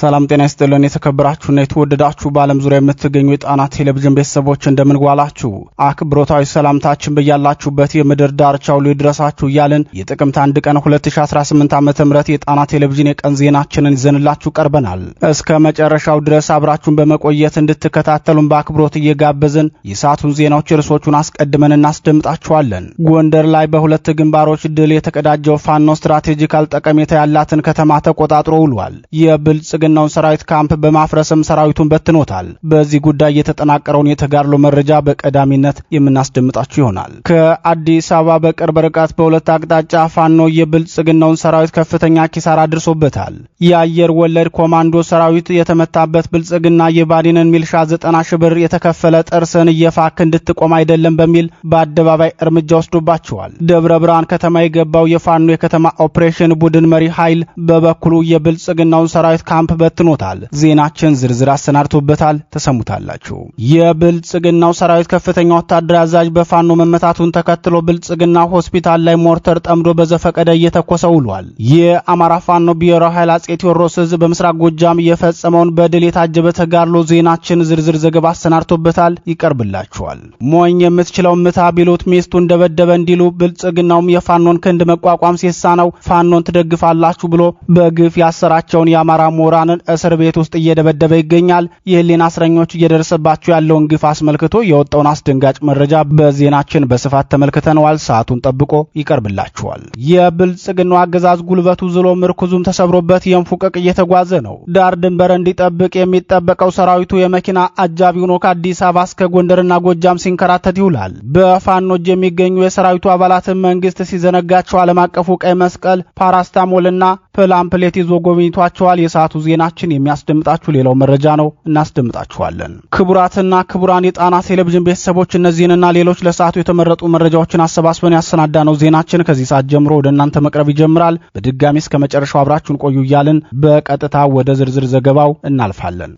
ሰላም ጤና ይስጥልን። የተከበራችሁና የተወደዳችሁ በዓለም ዙሪያ የምትገኙ የጣና ቴሌቪዥን ቤተሰቦች እንደምንጓላችሁ አክብሮታዊ ሰላምታችን በያላችሁበት የምድር ዳርቻ ሁሉ ይድረሳችሁ እያልን የጥቅምት አንድ ቀን 2018 ዓ ም የጣና ቴሌቪዥን የቀን ዜናችንን ይዘንላችሁ ቀርበናል። እስከ መጨረሻው ድረስ አብራችሁን በመቆየት እንድትከታተሉን በአክብሮት እየጋበዝን የሰዓቱን ዜናዎች ርዕሶቹን አስቀድመን እናስደምጣችኋለን። ጎንደር ላይ በሁለት ግንባሮች ድል የተቀዳጀው ፋኖ ስትራቴጂካል ጠቀሜታ ያላትን ከተማ ተቆጣጥሮ ውሏል። የብልጽግ የብልጽግናውን ሰራዊት ካምፕ በማፍረስም ሰራዊቱን በትኖታል። በዚህ ጉዳይ የተጠናቀረውን የተጋድሎ መረጃ በቀዳሚነት የምናስደምጣችሁ ይሆናል። ከአዲስ አበባ በቅርብ ርቀት በሁለት አቅጣጫ ፋኖ የብልጽግናውን ሰራዊት ከፍተኛ ኪሳራ አድርሶበታል። የአየር ወለድ ኮማንዶ ሰራዊት የተመታበት ብልጽግና የባዲንን ሚልሻ ዘጠና ሺህ ብር የተከፈለ ጥርስን እየፋክ እንድትቆም አይደለም በሚል በአደባባይ እርምጃ ወስዶባቸዋል። ደብረ ብርሃን ከተማ የገባው የፋኖ የከተማ ኦፕሬሽን ቡድን መሪ ኃይል በበኩሉ የብልጽግናውን ሰራዊት ካምፕ በትኖታል። ዜናችን ዝርዝር አሰናድቶበታል፣ ተሰሙታላችሁ። የብልጽግናው ሰራዊት ከፍተኛ ወታደራዊ አዛዥ በፋኖ መመታቱን ተከትሎ ብልጽግና ሆስፒታል ላይ ሞርተር ጠምዶ በዘፈቀደ እየተኮሰ ውሏል። የአማራ ፋኖ ብሔራዊ ኃይል አጼ ቴዎድሮስ እዝ በምስራቅ ጎጃም የፈጸመውን በድል የታጀበ ተጋድሎ ዜናችን ዝርዝር ዘገባ አሰናድቶበታል፣ ይቀርብላችኋል። ሞኝ የምትችለው ምታ ቢሉት ሚስቱ እንደበደበ እንዲሉ ብልጽግናውም የፋኖን ክንድ መቋቋም ሲሳነው ፋኖን ትደግፋላችሁ ብሎ በግፍ ያሰራቸውን የአማራ ምሁራን ንጹሐንን እስር ቤት ውስጥ እየደበደበ ይገኛል። የህሊና እስረኞች እየደረሰባቸው ያለውን ግፍ አስመልክቶ የወጣውን አስደንጋጭ መረጃ በዜናችን በስፋት ተመልክተነዋል። ሰዓቱን ጠብቆ ይቀርብላችኋል። የብልጽግናው አገዛዝ ጉልበቱ ዝሎ ምርኩዙም ተሰብሮበት የንፉቀቅ እየተጓዘ ነው። ዳር ድንበር እንዲጠብቅ የሚጠበቀው ሰራዊቱ የመኪና አጃቢ ሆኖ ከአዲስ አበባ እስከ ጎንደርና ጎጃም ሲንከራተት ይውላል። በፋኖጅ የሚገኙ የሰራዊቱ አባላትን መንግስት ሲዘነጋቸው ዓለም አቀፉ ቀይ መስቀል ፓራስታሞልና ፕላምፕሌት ይዞ ጎብኝቷቸዋል። የሰዓቱ ዜና ዜናችን የሚያስደምጣችሁ ሌላው መረጃ ነው፣ እናስደምጣችኋለን። ክቡራትና ክቡራን የጣና ቴሌቪዥን ቤተሰቦች እነዚህንና ሌሎች ለሰዓቱ የተመረጡ መረጃዎችን አሰባስበን ያሰናዳነው ዜናችን ከዚህ ሰዓት ጀምሮ ወደ እናንተ መቅረብ ይጀምራል። በድጋሚ እስከ መጨረሻው አብራችሁን ቆዩ እያልን በቀጥታ ወደ ዝርዝር ዘገባው እናልፋለን።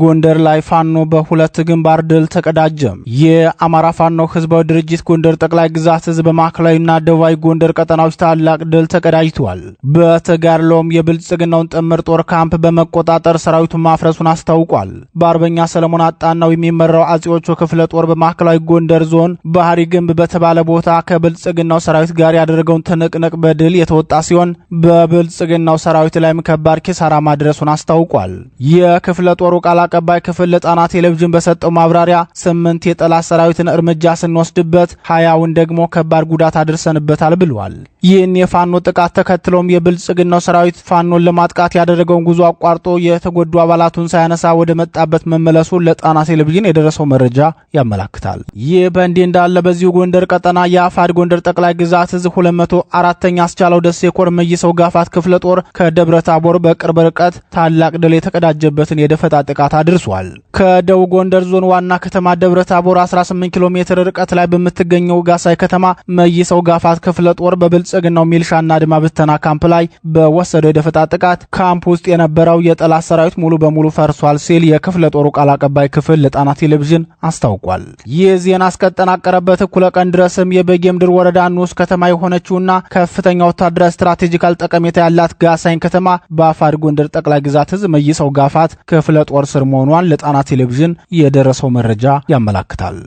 ጎንደር ላይ ፋኖ በሁለት ግንባር ድል ተቀዳጀ። የአማራ ፋኖ ህዝባዊ ድርጅት ጎንደር ጠቅላይ ግዛት ህዝብ በማዕከላዊና ደቡባዊ ጎንደር ቀጠናዎች ታላቅ ድል ተቀዳጅቷል። በተጋድሎም የብልጽግናውን ጥምር ጦር ካምፕ በመቆጣጠር ሰራዊቱን ማፍረሱን አስታውቋል። በአርበኛ ሰለሞን አጣናው የሚመራው አጼዎቹ ክፍለ ጦር በማዕከላዊ ጎንደር ዞን ባህሪ ግንብ በተባለ ቦታ ከብልጽግናው ሰራዊት ጋር ያደረገውን ትንቅንቅ በድል የተወጣ ሲሆን በብልጽግናው ሰራዊት ላይም ከባድ ኪሳራ ማድረሱን አስታውቋል። የክፍለ ጦሩ ቃል ቃል አቀባይ ክፍል ለጣና ቴሌቪዥን በሰጠው ማብራሪያ ስምንት የጠላት ሰራዊትን እርምጃ ስንወስድበት ሀያውን ደግሞ ከባድ ጉዳት አድርሰንበታል ብለዋል። ይህን የፋኖ ጥቃት ተከትሎም የብልጽግናው ሰራዊት ፋኖን ለማጥቃት ያደረገውን ጉዞ አቋርጦ የተጎዱ አባላቱን ሳያነሳ ወደ መጣበት መመለሱ ለጣና ቴሌቪዥን የደረሰው መረጃ ያመላክታል። ይህ በእንዲህ እንዳለ በዚሁ ጎንደር ቀጠና የአፋድ ጎንደር ጠቅላይ ግዛት እዝ 204ኛ አስቻለው ደሴ ኮር መይሰው ጋፋት ክፍለ ጦር ከደብረ ታቦር በቅርብ ርቀት ታላቅ ድል የተቀዳጀበትን የደፈጣ ጥቃት ጉዳት አድርሷል። ከደቡብ ጎንደር ዞን ዋና ከተማ ደብረ ታቦር 18 ኪሎ ሜትር ርቀት ላይ በምትገኘው ጋሳይ ከተማ መይሰው ጋፋት ክፍለ ጦር በብልጽግናው ሚልሻና ድማ ብተና ካምፕ ላይ በወሰደው የደፈጣ ጥቃት ካምፕ ውስጥ የነበረው የጠላት ሰራዊት ሙሉ በሙሉ ፈርሷል ሲል የክፍለ ጦሩ ቃል አቀባይ ክፍል ለጣና ቴሌቪዥን አስታውቋል። ይህ ዜና እስከጠናቀረበት እኩለ ቀን ድረስም የበጌምድር ወረዳ ንዑስ ከተማ የሆነችውና ከፍተኛ ወታደራዊ ስትራቴጂካል ጠቀሜታ ያላት ጋሳይን ከተማ በአፋድ ጎንደር ጠቅላይ ግዛት ህዝብ መይሰው ጋፋት ክፍለ ጦር ስር መሆኗን ለጣና ቴሌቪዥን የደረሰው መረጃ ያመላክታል።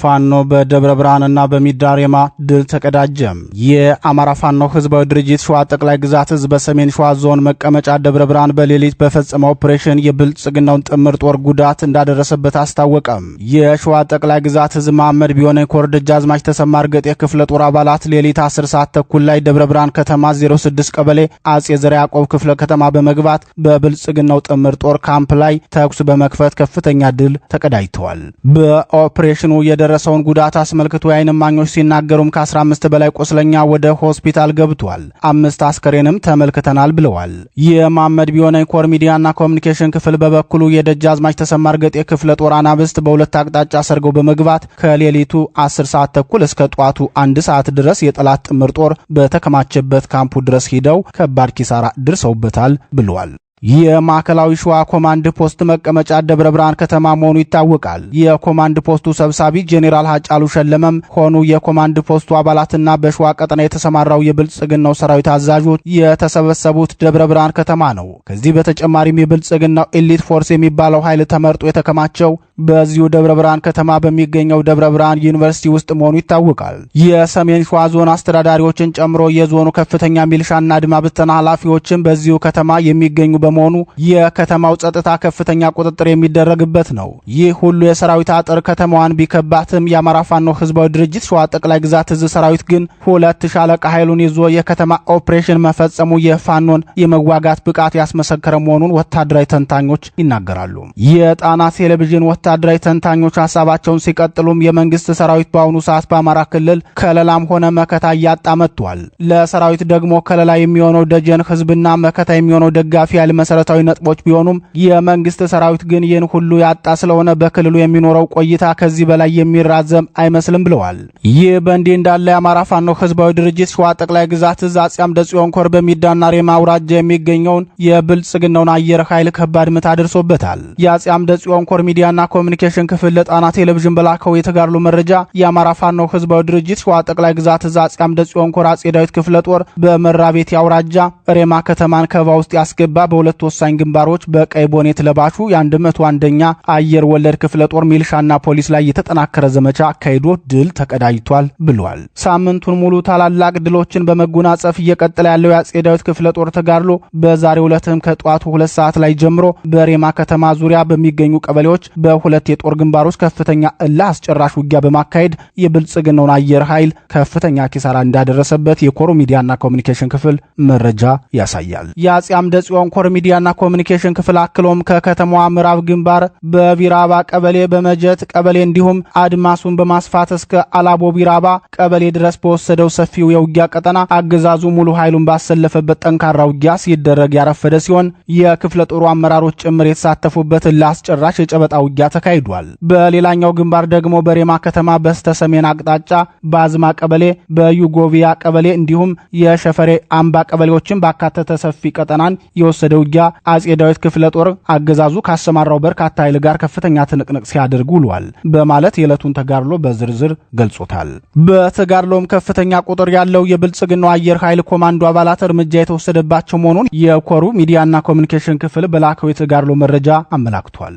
ፋኖ በደብረ ብርሃንና በሚዳሬማ ድል ተቀዳጀም። የአማራ ፋኖ ህዝባዊ ድርጅት ሸዋ ጠቅላይ ግዛት ህዝብ በሰሜን ሸዋ ዞን መቀመጫ ደብረ ብርሃን በሌሊት በፈጸመ ኦፕሬሽን የብልጽግናውን ጥምር ጦር ጉዳት እንዳደረሰበት አስታወቀም። የሸዋ ጠቅላይ ግዛት ህዝብ መሐመድ ቢሆነ ኮርደጃ አዝማች ተሰማ እርገጤ የክፍለ ጦር አባላት ሌሊት 10 ሰዓት ተኩል ላይ ደብረ ብርሃን ከተማ 06 ቀበሌ አጼ ዘርዓ ያዕቆብ ክፍለ ከተማ በመግባት በብልጽግናው ጥምር ጦር ካምፕ ላይ ተኩስ በመክፈት ከፍተኛ ድል ተቀዳጅተዋል። በኦፕሬሽኑ የደ የደረሰውን ጉዳት አስመልክቶ የዓይን እማኞች ሲናገሩም ከ15 በላይ ቁስለኛ ወደ ሆስፒታል ገብቷል፣ አምስት አስከሬንም ተመልክተናል ብለዋል። የማመድ ቢሆነኝ ኮር ሚዲያና ኮሚኒኬሽን ክፍል በበኩሉ የደጃዝማች ተሰማ እርገጤ ክፍለ ጦር አናብስት በሁለት አቅጣጫ ሰርገው በመግባት ከሌሊቱ 10 ሰዓት ተኩል እስከ ጠዋቱ አንድ ሰዓት ድረስ የጠላት ጥምር ጦር በተከማቸበት ካምፑ ድረስ ሂደው ከባድ ኪሳራ ድርሰውበታል ብለዋል። የማዕከላዊ ሸዋ ኮማንድ ፖስት መቀመጫ ደብረ ብርሃን ከተማ መሆኑ ይታወቃል። የኮማንድ ፖስቱ ሰብሳቢ ጄኔራል ሀጫሉ ሸለመም ሆኑ የኮማንድ ፖስቱ አባላትና በሸዋ ቀጠና የተሰማራው የብልጽግናው ሰራዊት አዛዦች የተሰበሰቡት ደብረ ብርሃን ከተማ ነው። ከዚህ በተጨማሪም የብልጽግናው ኤሊት ፎርስ የሚባለው ኃይል ተመርጦ የተከማቸው በዚሁ ደብረ ብርሃን ከተማ በሚገኘው ደብረ ብርሃን ዩኒቨርሲቲ ውስጥ መሆኑ ይታወቃል። የሰሜን ሸዋ ዞን አስተዳዳሪዎችን ጨምሮ የዞኑ ከፍተኛ ሚልሻና ድማ ብተና ኃላፊዎችን በዚሁ ከተማ የሚገኙ በመሆኑ የከተማው ጸጥታ ከፍተኛ ቁጥጥር የሚደረግበት ነው። ይህ ሁሉ የሰራዊት አጥር ከተማዋን ቢከባትም የአማራ ፋኖ ህዝባዊ ድርጅት ሸዋ ጠቅላይ ግዛት እዝ ሰራዊት ግን ሁለት ሻለቃ ኃይሉን ይዞ የከተማ ኦፕሬሽን መፈጸሙ የፋኖን የመዋጋት ብቃት ያስመሰከረ መሆኑን ወታደራዊ ተንታኞች ይናገራሉ። የጣና ቴሌቪዥን ወታደራዊ ተንታኞች ሀሳባቸውን ሲቀጥሉም የመንግስት ሰራዊት በአሁኑ ሰዓት በአማራ ክልል ከለላም ሆነ መከታ እያጣ መጥቷል። ለሰራዊት ደግሞ ከለላ የሚሆነው ደጀን ህዝብና መከታ የሚሆነው ደጋፊ ያህል መሰረታዊ ነጥቦች ቢሆኑም የመንግስት ሰራዊት ግን ይህን ሁሉ ያጣ ስለሆነ በክልሉ የሚኖረው ቆይታ ከዚህ በላይ የሚራዘም አይመስልም ብለዋል። ይህ በእንዲህ እንዳለ የአማራ ፋኖ ህዝባዊ ድርጅት ሸዋ ጠቅላይ ግዛት እዝ አጼ አምደ ጽዮን ኮር በሚዳና ሬማ አውራጃ የሚገኘውን የብልጽግናውን አየር ኃይል ከባድ ምት አድርሶበታል። የአጼ አምደ ጽዮን ኮር ሚዲያና ኮሚኒኬሽን ክፍል ለጣና ቴሌቪዥን በላከው የተጋድሎ መረጃ የአማራ ፋኖ ህዝባዊ ድርጅት ሸዋ ጠቅላይ ግዛት እዝ አፄ አምደጽዮን ኮር ዳዊት ክፍለ ጦር በመራቤቴ አውራጃ ሬማ ከተማን ከበባ ውስጥ ያስገባ በሁለት ወሳኝ ግንባሮች በቀይ ቦኔት ለባቹ የ መቶ አንደኛ አየር ወለድ ክፍለ ጦር ሚልሻና ፖሊስ ላይ የተጠናከረ ዘመቻ አካሂዶ ድል ተቀዳጅቷል ብሏል። ሳምንቱን ሙሉ ታላላቅ ድሎችን በመጎናጸፍ እየቀጠለ ያለው የአፄ ዳዊት ክፍለ ጦር ተጋድሎ በዛሬው ዕለትም ከጠዋቱ ሁለት ሰዓት ላይ ጀምሮ በሬማ ከተማ ዙሪያ በሚገኙ ቀበሌዎች በ ሁለት የጦር ግንባሮች ከፍተኛ እልህ አስጨራሽ ውጊያ በማካሄድ የብልጽግናውን አየር ኃይል ከፍተኛ ኪሳራ እንዳደረሰበት የኮር ሚዲያና ኮሚኒኬሽን ክፍል መረጃ ያሳያል። የአጼ አምደ ጽዮን ኮር ሚዲያና ኮሚኒኬሽን ክፍል አክሎም ከከተማዋ ምዕራብ ግንባር በቢራባ ቀበሌ፣ በመጀት ቀበሌ እንዲሁም አድማሱን በማስፋት እስከ አላቦ ቢራባ ቀበሌ ድረስ በወሰደው ሰፊው የውጊያ ቀጠና አገዛዙ ሙሉ ኃይሉን ባሰለፈበት ጠንካራ ውጊያ ሲደረግ ያረፈደ ሲሆን የክፍለ ጦሩ አመራሮች ጭምር የተሳተፉበት እልህ የጨበጣ ውጊያ ተካሂዷል። በሌላኛው ግንባር ደግሞ በሬማ ከተማ በስተ ሰሜን አቅጣጫ በአዝማ ቀበሌ፣ በዩጎቪያ ቀበሌ እንዲሁም የሸፈሬ አምባ ቀበሌዎችን ባካተተ ሰፊ ቀጠናን የወሰደ ውጊያ አጼ ዳዊት ክፍለ ጦር አገዛዙ ካሰማራው በርካታ ኃይል ጋር ከፍተኛ ትንቅንቅ ሲያደርግ ውሏል በማለት የዕለቱን ተጋድሎ በዝርዝር ገልጾታል። በተጋድሎም ከፍተኛ ቁጥር ያለው የብልጽግናው አየር ኃይል ኮማንዶ አባላት እርምጃ የተወሰደባቸው መሆኑን የኮሩ ሚዲያና ኮሚኒኬሽን ክፍል በላከው የተጋድሎ መረጃ አመላክቷል።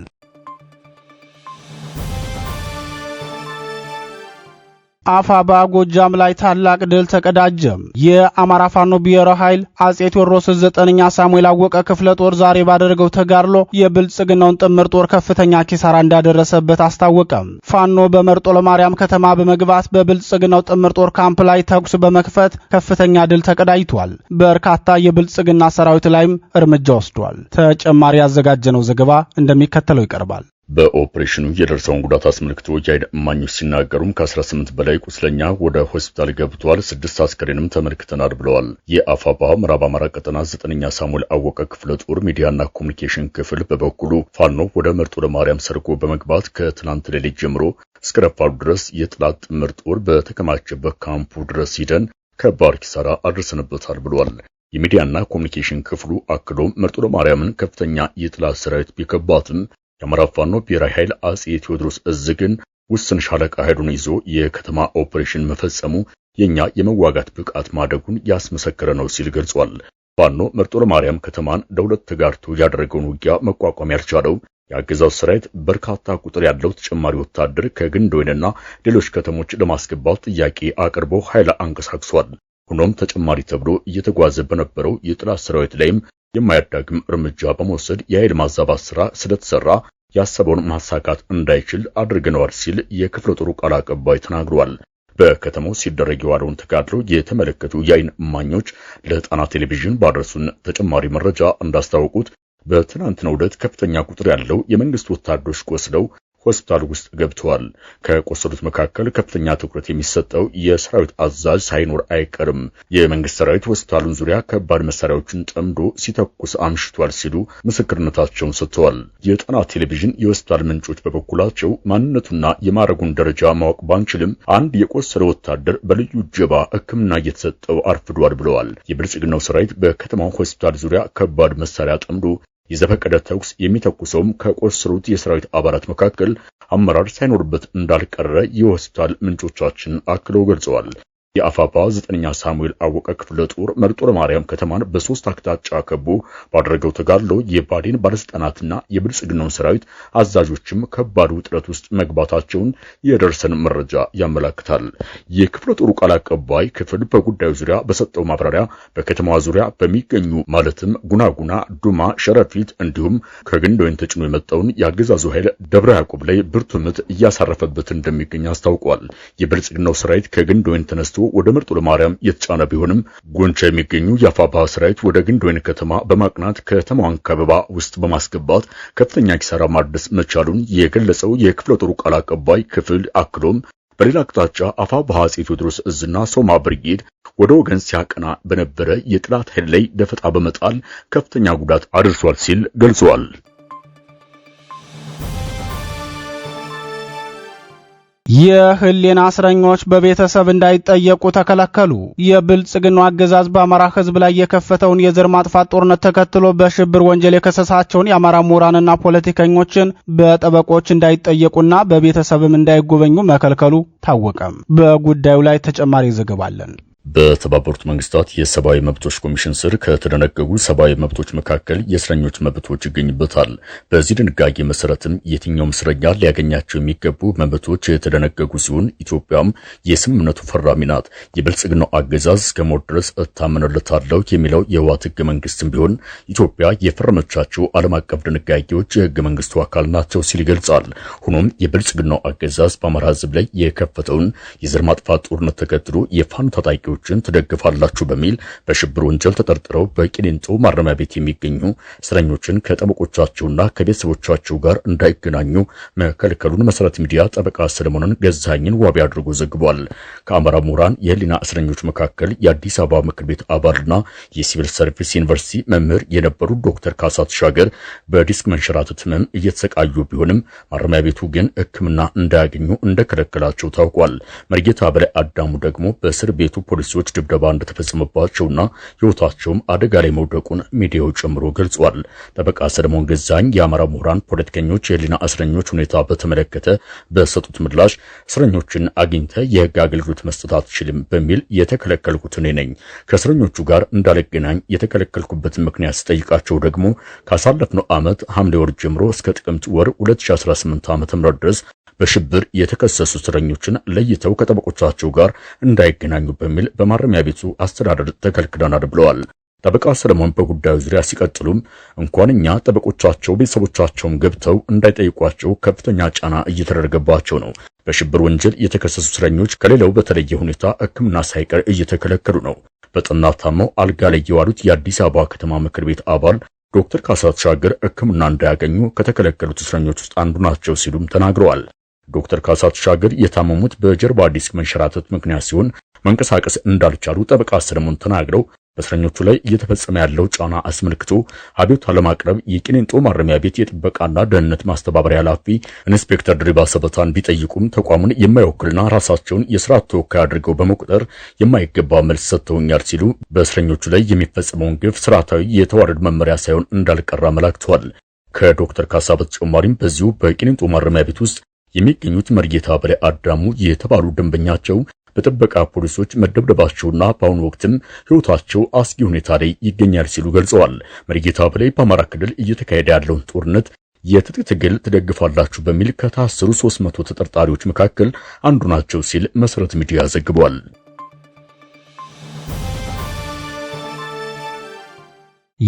አፋባ ጎጃም ላይ ታላቅ ድል ተቀዳጀ። የአማራ ፋኖ ብሔራዊ ኃይል አጼ ቴዎድሮስ ዘጠነኛ ሳሙኤል አወቀ ክፍለ ጦር ዛሬ ባደረገው ተጋድሎ የብልጽግናውን ጥምር ጦር ከፍተኛ ኪሳራ እንዳደረሰበት አስታወቀ። ፋኖ በመርጦ ለማርያም ከተማ በመግባት በብልጽግናው ጥምር ጦር ካምፕ ላይ ተኩስ በመክፈት ከፍተኛ ድል ተቀዳጅቷል። በርካታ የብልጽግና ሰራዊት ላይም እርምጃ ወስዷል። ተጨማሪ ያዘጋጀነው ዘገባ እንደሚከተለው ይቀርባል። በኦፕሬሽኑ የደረሰውን ጉዳት አስመልክቶ የአይን እማኞች ሲናገሩም ከ18 በላይ ቁስለኛ ወደ ሆስፒታል ገብቷል፣ ስድስት አስከሬንም ተመልክተናል ብለዋል። የአፋባ ምዕራብ አማራ ቀጠና ዘጠነኛ ሳሙኤል አወቀ ክፍለ ጦር ሚዲያና ኮሚኒኬሽን ክፍል በበኩሉ ፋኖ ወደ መርጦ ለማርያም ሰርጎ በመግባት ከትናንት ሌሊት ጀምሮ እስከ ረፋዱ ድረስ የጥላት ጥምር ጦር በተከማቸበት ካምፑ ድረስ ሂደን ከባድ ኪሳራ አድርሰንበታል ብሏል። የሚዲያና ኮሚኒኬሽን ክፍሉ አክሎ መርጦ ለማርያምን ከፍተኛ የጥላት ሰራዊት ቢከባትም የአማራ ፋኖ ብሔራዊ ኃይል አጼ ቴዎድሮስ እዝ ግን ውስን ሻለቃ ኃይሉን ይዞ የከተማ ኦፕሬሽን መፈጸሙ የኛ የመዋጋት ብቃት ማደጉን ያስመሰከረ ነው ሲል ገልጿል። ፋኖ መርጦ ለማርያም ከተማን ለሁለት ተጋርቶ ያደረገውን ውጊያ መቋቋም ያልቻለው የአገዛዙ ሰራዊት በርካታ ቁጥር ያለው ተጨማሪ ወታደር ከግንድ ወይንና ሌሎች ከተሞች ለማስገባት ጥያቄ አቅርቦ ኃይል አንቀሳቅሷል። ሆኖም ተጨማሪ ተብሎ እየተጓዘ በነበረው የጥላት ሰራዊት ላይም የማያዳግም እርምጃ በመውሰድ የኃይል ማዛባት ስራ ስለተሰራ ያሰበውን ማሳካት እንዳይችል አድርገነዋል ሲል የክፍለ ጦሩ ቃል አቀባይ ተናግሯል። በከተማው ሲደረግ የዋለውን ተጋድሎ የተመለከቱ የአይን እማኞች ለጣና ቴሌቪዥን ባደረሱን ተጨማሪ መረጃ እንዳስታወቁት በትናንትናው ዕለት ከፍተኛ ቁጥር ያለው የመንግስት ወታደሮች ቆስለው ሆስፒታል ውስጥ ገብተዋል። ከቆሰሉት መካከል ከፍተኛ ትኩረት የሚሰጠው የሰራዊት አዛዥ ሳይኖር አይቀርም። የመንግስት ሰራዊት ሆስፒታሉን ዙሪያ ከባድ መሳሪያዎችን ጠምዶ ሲተኩስ አምሽቷል ሲሉ ምስክርነታቸውን ሰጥተዋል። የጣና ቴሌቪዥን የሆስፒታል ምንጮች በበኩላቸው ማንነቱና የማዕረጉን ደረጃ ማወቅ ባንችልም አንድ የቆሰለ ወታደር በልዩ እጀባ ሕክምና እየተሰጠው አርፍዷል ብለዋል። የብልጽግናው ሰራዊት በከተማው ሆስፒታል ዙሪያ ከባድ መሳሪያ ጠምዶ የዘፈቀደ ተኩስ የሚተኩሰውም ከቆሰሉት የሰራዊት አባላት መካከል አመራር ሳይኖርበት እንዳልቀረ የሆስፒታል ምንጮቻችን አክለው ገልጸዋል። የአፋባ ዘጠነኛ ሳሙኤል አወቀ ክፍለ ጦር መርጦ ማርያም ከተማን በሶስት አቅጣጫ ከቦ ባደረገው ተጋድሎ የባዴን ባለስልጣናትና የብልጽግናውን ሰራዊት አዛዦችም ከባድ ውጥረት ውስጥ መግባታቸውን የደርሰን መረጃ ያመላክታል። የክፍለ ጦሩ ቃል አቀባይ ክፍል በጉዳዩ ዙሪያ በሰጠው ማብራሪያ በከተማዋ ዙሪያ በሚገኙ ማለትም ጉናጉና፣ ዱማ፣ ሸረፊት እንዲሁም ከግንድ ወይን ተጭኖ የመጣውን የአገዛዙ ኃይል ደብረ ያዕቆብ ላይ ብርቱ ምት እያሳረፈበት እንደሚገኝ አስታውቋል። የብልጽግናው ሰራዊት ከግንድ ወይን ተነስቶ ወደ መርጦ ለማርያም የተጫነ ቢሆንም ጎንቻ የሚገኙ የአፋባ ሰራዊት ወደ ግንድወይን ከተማ በማቅናት ከተማዋን ከበባ ውስጥ በማስገባት ከፍተኛ ኪሳራ ማድረስ መቻሉን የገለጸው የክፍለ ጦሩ ቃል አቀባይ ክፍል አክሎም በሌላ አቅጣጫ አፋ በአፄ ቴዎድሮስ እዝና ሶማ ብርጌድ ወደ ወገን ሲያቀና በነበረ የጥላት ኃይል ላይ ደፈጣ በመጣል ከፍተኛ ጉዳት አድርሷል ሲል ገልጿል። የህሊና እስረኞች በቤተሰብ እንዳይጠየቁ ተከለከሉ። የብልጽግናው አገዛዝ በአማራ ህዝብ ላይ የከፈተውን የዘር ማጥፋት ጦርነት ተከትሎ በሽብር ወንጀል የከሰሳቸውን የአማራ ምሁራንና ፖለቲከኞችን በጠበቆች እንዳይጠየቁና በቤተሰብም እንዳይጎበኙ መከልከሉ ታወቀም። በጉዳዩ ላይ ተጨማሪ ዘገባ አለን። በተባበሩት መንግስታት የሰብአዊ መብቶች ኮሚሽን ስር ከተደነገጉ ሰብአዊ መብቶች መካከል የእስረኞች መብቶች ይገኝበታል። በዚህ ድንጋጌ መሰረትም የትኛውም እስረኛ ሊያገኛቸው የሚገቡ መብቶች የተደነገጉ ሲሆን ኢትዮጵያም የስምምነቱ ፈራሚ ናት። የብልጽግናው አገዛዝ እስከ ሞት ድረስ እታመንለታለሁ የሚለው የህወሓት ህገ መንግስትም ቢሆን ኢትዮጵያ የፈረመቻቸው ዓለም አቀፍ ድንጋጌዎች የህገ መንግስቱ አካል ናቸው ሲል ይገልጻል። ሆኖም የብልጽግናው አገዛዝ በአማራ ህዝብ ላይ የከፈተውን የዘር ማጥፋት ጦርነት ተከትሎ የፋኖ ታጣቂዎች ኃይሎችን ትደግፋላችሁ በሚል በሽብር ወንጀል ተጠርጥረው በቂሊንጦ ማረሚያ ቤት የሚገኙ እስረኞችን ከጠበቆቻቸውና ከቤተሰቦቻቸው ጋር እንዳይገናኙ መከልከሉን መሰረት ሚዲያ ጠበቃ ሰለሞንን ገዛኝን ዋቢ አድርጎ ዘግቧል። ከአማራ ምሁራን የህሊና እስረኞች መካከል የአዲስ አበባ ምክር ቤት አባልና የሲቪል ሰርቪስ ዩኒቨርሲቲ መምህር የነበሩ ዶክተር ካሳ ተሻገር በዲስክ መንሸራተት ህመም እየተሰቃዩ ቢሆንም ማረሚያ ቤቱ ግን ሕክምና እንዳያገኙ እንደከለከላቸው ታውቋል። መርጌታ በላይ አዳሙ ደግሞ በእስር ቤቱ ፖሊስ ፖሊሶች ድብደባ እንደተፈጸመባቸውና ህይወታቸውም አደጋ ላይ መውደቁን ሚዲያው ጨምሮ ገልጿል። ጠበቃ ሰለሞን ገዛኝ የአማራ ምሁራን፣ ፖለቲከኞች፣ የህሊና እስረኞች ሁኔታ በተመለከተ በሰጡት ምላሽ እስረኞችን አግኝተ የህግ አገልግሎት መስጠት አትችልም በሚል የተከለከልኩት እኔ ነኝ። ከእስረኞቹ ጋር እንዳልገናኝ የተከለከልኩበትን ምክንያት ስጠይቃቸው ደግሞ ካሳለፍነው ዓመት ሐምሌ ወር ጀምሮ እስከ ጥቅምት ወር 2018 ዓ.ም ድረስ በሽብር የተከሰሱ እስረኞችን ለይተው ከጠበቆቻቸው ጋር እንዳይገናኙ በሚል በማረሚያ ቤቱ አስተዳደር ተከልክለናል ብለዋል። ጠበቃ ሰለሞን በጉዳዩ ዙሪያ ሲቀጥሉም እንኳን እኛ ጠበቆቻቸው ቤተሰቦቻቸውም ገብተው እንዳይጠይቋቸው ከፍተኛ ጫና እየተደረገባቸው ነው። በሽብር ወንጀል የተከሰሱ እስረኞች ከሌላው በተለየ ሁኔታ ሕክምና ሳይቀር እየተከለከሉ ነው። በጠና ታመው አልጋ ላይ የዋሉት የአዲስ አበባ ከተማ ምክር ቤት አባል ዶክተር ካሳ ተሻገር ሕክምና እንዳያገኙ ከተከለከሉት እስረኞች ውስጥ አንዱ ናቸው ሲሉም ተናግረዋል። ዶክተር ካሳ ተሻገር የታመሙት በጀርባ ዲስክ መንሸራተት ምክንያት ሲሆን መንቀሳቀስ እንዳልቻሉ ጠበቃ ሰለሞን ተናግረው በእስረኞቹ ላይ እየተፈጸመ ያለው ጫና አስመልክቶ አቤቱታ ለማቅረብ የቂሊንጦ ማረሚያ ቤት የጥበቃና ደህንነት ማስተባበሪያ ኃላፊ ኢንስፔክተር ድሪባ ሰበታን ቢጠይቁም ተቋሙን የማይወክልና ራሳቸውን የስራት ተወካይ አድርገው በመቁጠር የማይገባ መልስ ሰጥተውኛል ሲሉ በእስረኞቹ ላይ የሚፈጸመውን ግፍ ስርዓታዊ የተዋረድ መመሪያ ሳይሆን እንዳልቀረ አመላክተዋል። ከዶክተር ካሳ በተጨማሪም በዚሁ በቂሊንጦ ማረሚያ ቤት ውስጥ የሚገኙት መርጌታ በላይ አዳሙ የተባሉ ደንበኛቸው በጥበቃ ፖሊሶች መደብደባቸውና በአሁኑ ወቅትም ህይወታቸው አስጊ ሁኔታ ላይ ይገኛል ሲሉ ገልጸዋል። መርጌታ በላይ በአማራ ክልል እየተካሄደ ያለውን ጦርነት የትጥቅ ትግል ትደግፋላችሁ በሚል ከታሰሩ 300 ተጠርጣሪዎች መካከል አንዱ ናቸው ሲል መሰረት ሚዲያ ዘግቧል።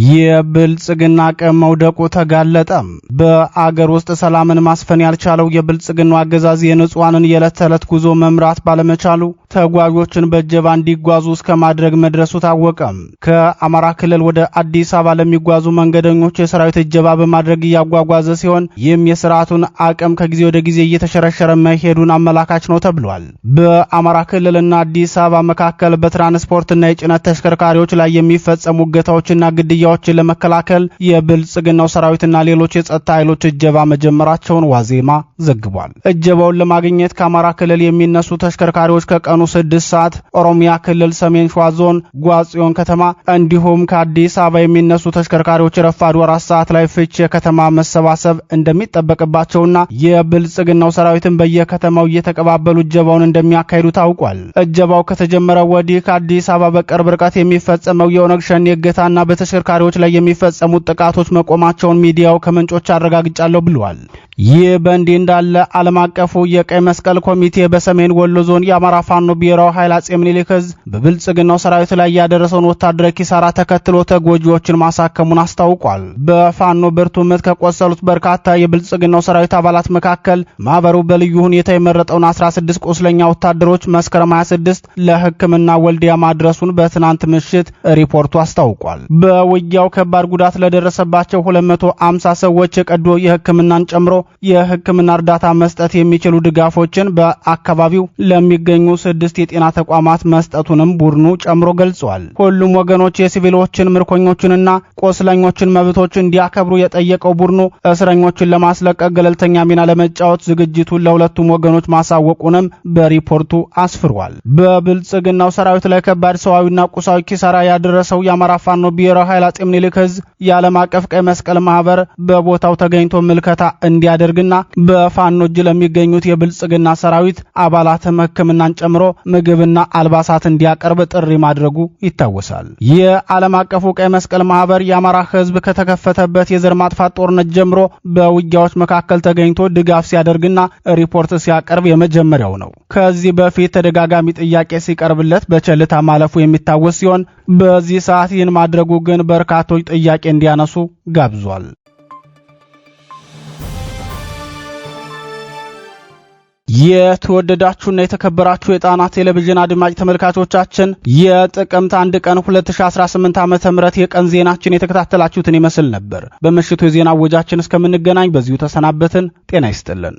የብልጽግና አቅም መውደቁ ተጋለጠ። በአገር ውስጥ ሰላምን ማስፈን ያልቻለው የብልጽግናው አገዛዝ የንጹሐንን የዕለት ተዕለት ጉዞ መምራት ባለመቻሉ ተጓዦችን በእጀባ እንዲጓዙ እስከ ማድረግ መድረሱ ታወቀ። ከአማራ ክልል ወደ አዲስ አበባ ለሚጓዙ መንገደኞች የሰራዊት እጀባ በማድረግ እያጓጓዘ ሲሆን ይህም የስርዓቱን አቅም ከጊዜ ወደ ጊዜ እየተሸረሸረ መሄዱን አመላካች ነው ተብሏል። በአማራ ክልልና አዲስ አበባ መካከል በትራንስፖርትና የጭነት ተሽከርካሪዎች ላይ የሚፈጸሙ እገታዎችና ግድ ግድያዎችን ለመከላከል የብልጽግናው ሰራዊትና ሌሎች የጸጥታ ኃይሎች እጀባ መጀመራቸውን ዋዜማ ዘግቧል። እጀባውን ለማግኘት ከአማራ ክልል የሚነሱ ተሽከርካሪዎች ከቀኑ ስድስት ሰዓት ኦሮሚያ ክልል ሰሜን ሸዋ ዞን ጓጽዮን ከተማ እንዲሁም ከአዲስ አበባ የሚነሱ ተሽከርካሪዎች ረፋዱ አራት ሰዓት ላይ ፍቼ ከተማ መሰባሰብ እንደሚጠበቅባቸውና የብልጽግናው ሰራዊትን በየከተማው እየተቀባበሉ እጀባውን እንደሚያካሂዱ ታውቋል። እጀባው ከተጀመረ ወዲህ ከአዲስ አበባ በቅርብ ርቀት የሚፈጸመው የኦነግ ሸኔ እገታና በተሽከርካ ተሽከርካሪዎች ላይ የሚፈጸሙት ጥቃቶች መቆማቸውን ሚዲያው ከምንጮች አረጋግጫለሁ ብለዋል። ይህ በእንዲህ እንዳለ ዓለም አቀፉ የቀይ መስቀል ኮሚቴ በሰሜን ወሎ ዞን የአማራ ፋኖ ብሔራዊ ኃይል አጼ ምኒልክ ዕዝ በብልጽግናው ሰራዊት ላይ ያደረሰውን ወታደራዊ ኪሳራ ተከትሎ ተጎጂዎችን ማሳከሙን አስታውቋል። በፋኖ ብርቱ ምት ከቆሰሉት በርካታ የብልጽግናው ሰራዊት አባላት መካከል ማህበሩ በልዩ ሁኔታ የመረጠውን 16 ቁስለኛ ወታደሮች መስከረም 26 ለሕክምና ወልዲያ ማድረሱን በትናንት ምሽት ሪፖርቱ አስታውቋል። በውጊያው ከባድ ጉዳት ለደረሰባቸው 250 ሰዎች የቀዶ የሕክምናን ጨምሮ የሕክምና እርዳታ መስጠት የሚችሉ ድጋፎችን በአካባቢው ለሚገኙ ስድስት የጤና ተቋማት መስጠቱንም ቡድኑ ጨምሮ ገልጿል። ሁሉም ወገኖች የሲቪሎችን ምርኮኞችንና ቆስለኞችን መብቶች እንዲያከብሩ የጠየቀው ቡድኑ እስረኞችን ለማስለቀቅ ገለልተኛ ሚና ለመጫወት ዝግጅቱን ለሁለቱም ወገኖች ማሳወቁንም በሪፖርቱ አስፍሯል። በብልጽግናው ሰራዊት ላይ ከባድ ሰዋዊና ቁሳዊ ኪሳራ ያደረሰው የአማራ ፋኖ ብሔራዊ ኃይል አፄ ምኒልክ የዓለም አቀፍ ቀይ መስቀል ማህበር በቦታው ተገኝቶ ምልከታ እንዲ ያደርግና በፋኖ እጅ ለሚገኙት የብልጽግና ሰራዊት አባላትም ሕክምናን ጨምሮ ምግብና አልባሳት እንዲያቀርብ ጥሪ ማድረጉ ይታወሳል። የዓለም አቀፉ ቀይ መስቀል ማህበር የአማራ ህዝብ ከተከፈተበት የዘር ማጥፋት ጦርነት ጀምሮ በውጊያዎች መካከል ተገኝቶ ድጋፍ ሲያደርግና ሪፖርት ሲያቀርብ የመጀመሪያው ነው። ከዚህ በፊት ተደጋጋሚ ጥያቄ ሲቀርብለት በቸልታ ማለፉ የሚታወስ ሲሆን በዚህ ሰዓት ይህን ማድረጉ ግን በርካቶች ጥያቄ እንዲያነሱ ጋብዟል። የተወደዳችሁና የተከበራችሁ የጣና ቴሌቪዥን አድማጭ ተመልካቾቻችን የጥቅምት አንድ ቀን 2018 ዓ.ም የቀን ዜናችን የተከታተላችሁትን ይመስል ነበር። በምሽቱ የዜና ወጃችን እስከምንገናኝ በዚሁ ተሰናበትን። ጤና ይስጥልን።